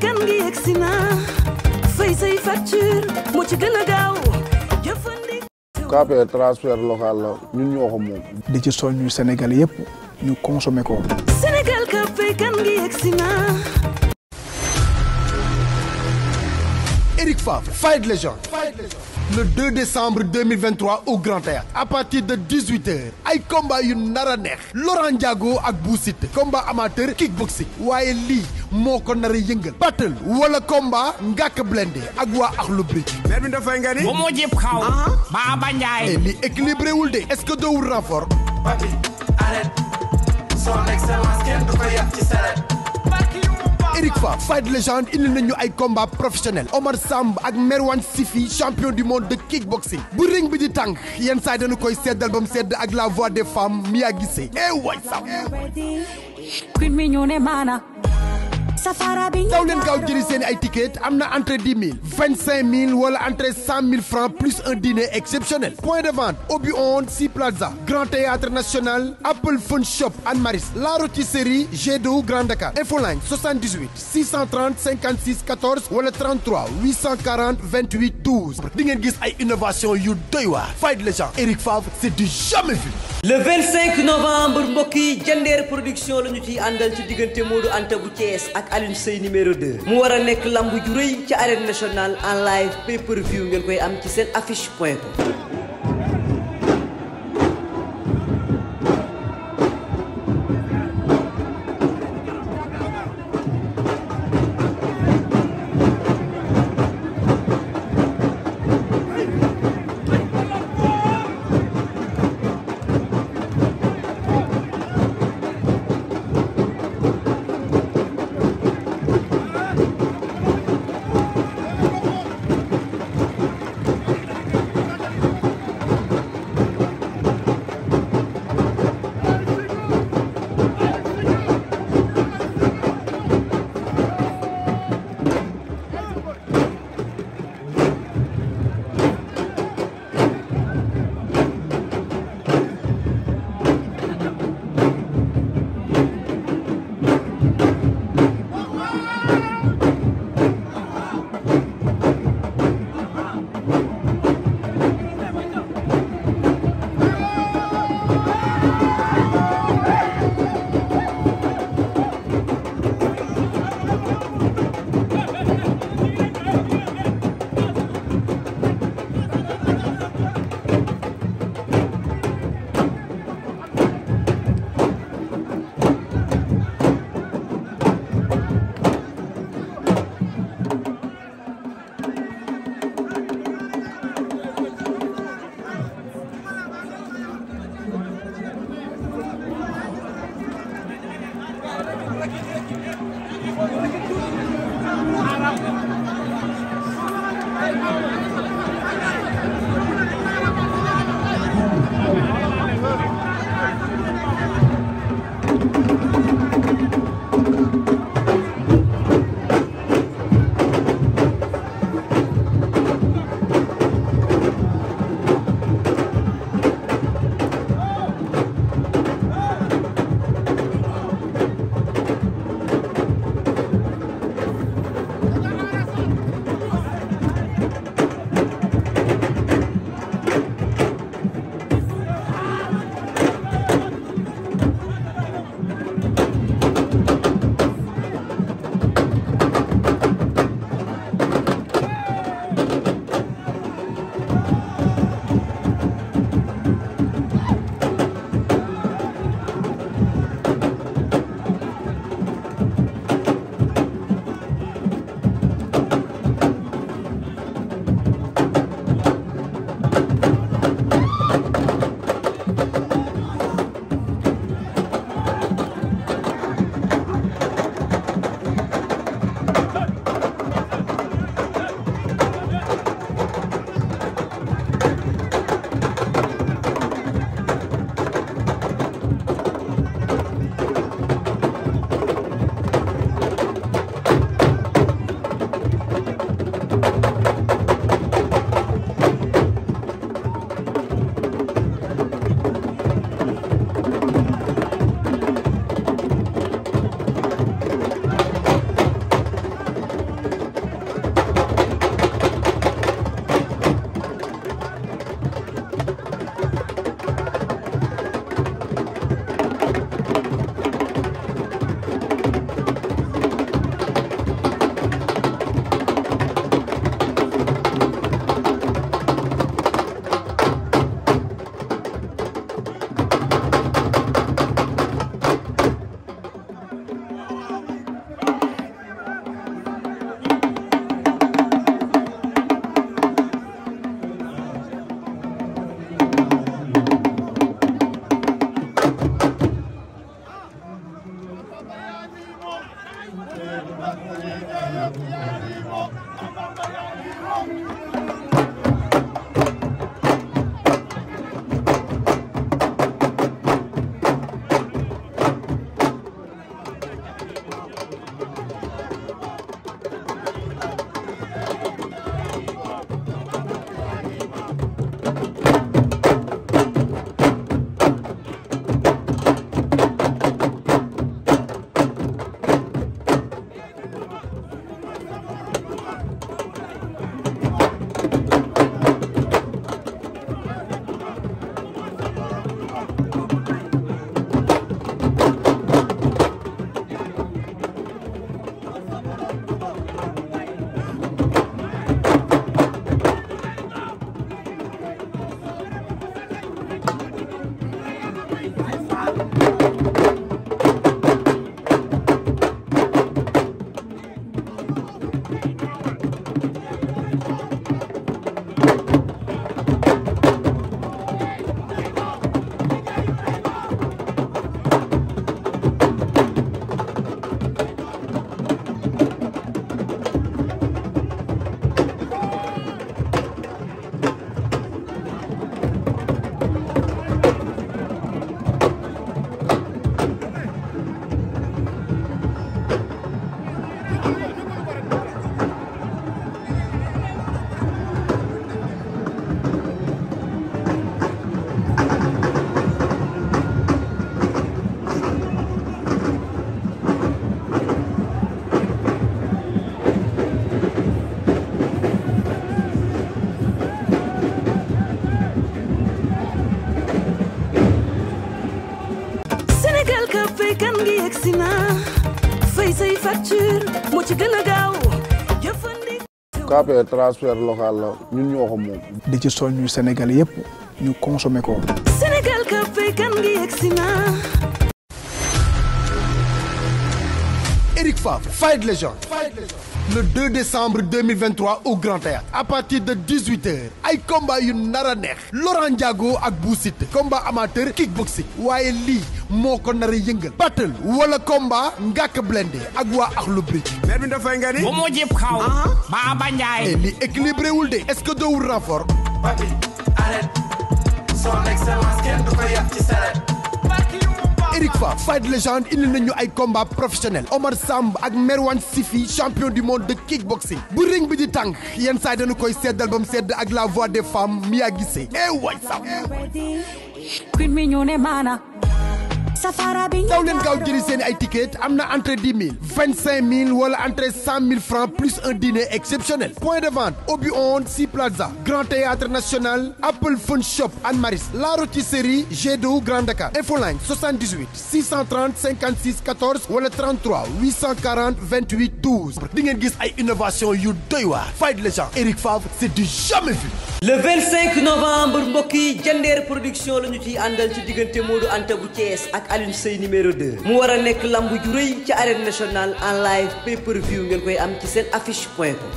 kan gi yegsi local la ñun ñoo moom di ci soññu Sénégal yëpp ñu consommer ko Sénégal kape kan gi yegsi na Eric Favre. Fight Legend. Fight Legend. le 2 décembre au Grand Théâtre à partir de 18h ay combat yu nar a neex Laurent Ndiago ak Bou Siteu combat amateur kickboxing waaye lii moo ko nar a yëngal battle wala combat Ngaaka Blindé ak waa Akhlou Brick mer dafay nga ni bu mu jib xaw Baba Ndiaye eh, li équilibré de est-ce que doowul renfort papi arrête son excellence kenn du ko yàq ci saret Eric Fa fight légende indi nañu ay combat professionnel Omar Samb ak Merwan Sifi champion du monde de kickboxing bu ring bi di tànk yenn saa dañu koy seddal ba mu sedd ak la voix des femmes Mia Guissé eh safara bi daw leen seen ay ticket am na entre dix mille vingt cinq mille wala entre cent mille francs plus un dîner exceptionnel point de vente Obi on Sea Plaza Grand Théâtre National Apple Phone Shop Anne Maris La Rôtisserie G2 Grand Dakar Infoline 78 630 56 14 wala 33 840 28 12 di ngeen gis ay innovation yu doy waar fight les gens Eric Favre c'est du jamais vu le 25 novembre mbokk yi jandeer production la ñu ciy àndal ci diggante Modou Anta bu Thiès ak Alioune Seye numéro 2 mu war a nekk lamb ju rëy ci arène national en live pay per view ngeen koy am ci seen affiche point Thank you. signature mu a gaaw jëfandikoo. local la ñun ñoo moom. di ci soñ ñu Sénégal yëpp ñu consommé ko. Sénégal café kan ngi yegg si le 2 décembre 2023 au Grand Théâtre à partir de 18h ay combat yu nar neex Laurent Ndiago ak Bou Siteu combat amateur kickboxing waaye lii moo ko nar yëngal battle wala combat Ngaaka Blindé ak waa Akhlou Brick mer bi dafay nga ni bu mu jib xaw Baba Ndiaye eh, li équilibré de est-ce que doowul son excellence kenn du ko yàq ci saret Eric Fa fight légende indi nañu ay combat professionnel Omar Samb ak Merwan Sifi champion du monde de kickboxing bu ring bi di tànk yenn saa dañu koy seddal ba mu sedd ak la voix des femmes Mia Guissé eh way sam safara bi daw leen gaaw jëri na entre dix mille wala entre cent mille francs plus un dîner exceptionnel point La Rôtisserie G2 Grand Dakar Infoline 78 630 56 14 wala 33 840 28 12 di ngeen gis ay innovation yu doy waar fay les gens Eric Favre c'est du jamais vu le 25 Alioune Seye numéro 2 mu war a nekk lamb ju rëy ci arène national en live pay per view ngeen koy am ci seen affice point